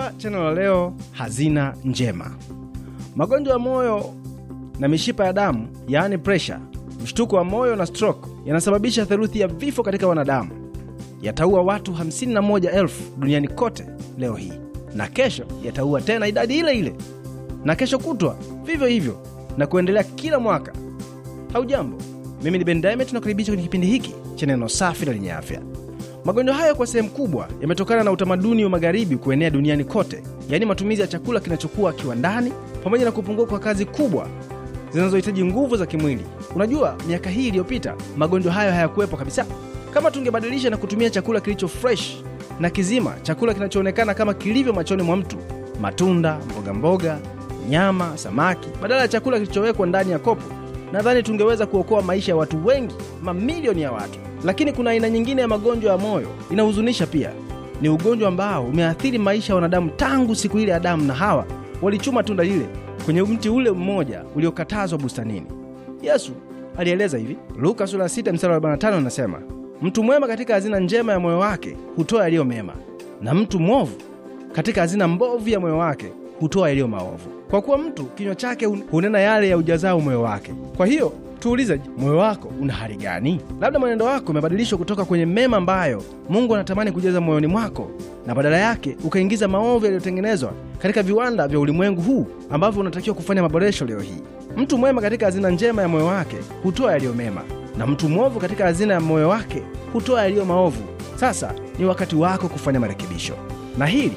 Kichwa cha neno la leo, hazina njema. Magonjwa ya moyo na mishipa ya damu, yaani presha, mshtuko wa moyo na stroke yanasababisha theluthi ya vifo katika wanadamu. Yataua watu 51,000 duniani kote leo hii, na kesho yataua tena idadi ile ile, na kesho kutwa vivyo hivyo, na kuendelea kila mwaka. Haujambo, mimi ni Ben Dynamite, tunakaribisha kwenye kipindi hiki cha neno safi na lenye afya. Magonjwa hayo kwa sehemu kubwa yametokana na utamaduni wa magharibi kuenea duniani kote, yaani matumizi ya chakula kinachokuwa kiwandani pamoja na kupungua kwa kazi kubwa zinazohitaji nguvu za kimwili. Unajua, miaka hii iliyopita magonjwa hayo hayakuwepo kabisa. Kama tungebadilisha na kutumia chakula kilicho fresh na kizima, chakula kinachoonekana kama kilivyo machoni mwa mtu, matunda, mboga mboga, nyama, samaki, badala ya chakula kilichowekwa ndani ya kopo, nadhani tungeweza kuokoa maisha ya watu wengi, mamilioni ya watu. Lakini kuna aina nyingine ya magonjwa ya moyo inahuzunisha pia. Ni ugonjwa ambao umeathiri maisha ya wanadamu tangu siku ile Adamu na Hawa walichuma tunda lile kwenye mti ule mmoja uliokatazwa bustanini. Yesu alieleza hivi, Luka sura 6 mstari wa 45 anasema, mtu mwema katika hazina njema ya moyo wake hutoa yaliyo mema, na mtu mwovu katika hazina mbovu ya moyo wake hutoa yaliyo maovu, kwa kuwa mtu kinywa chake hunena yale ya ujazao moyo wake. Kwa hiyo tuulize, moyo wako una hali gani? Labda mwenendo wako umebadilishwa kutoka kwenye mema ambayo Mungu anatamani kujaza moyoni mwako, na badala yake ukaingiza maovu yaliyotengenezwa katika viwanda vya ulimwengu huu ambavyo unatakiwa kufanya maboresho leo hii. Mtu mwema katika hazina njema ya moyo wake hutoa yaliyo mema, na mtu mwovu katika hazina ya moyo wake hutoa yaliyo maovu. Sasa ni wakati wako kufanya marekebisho, na hili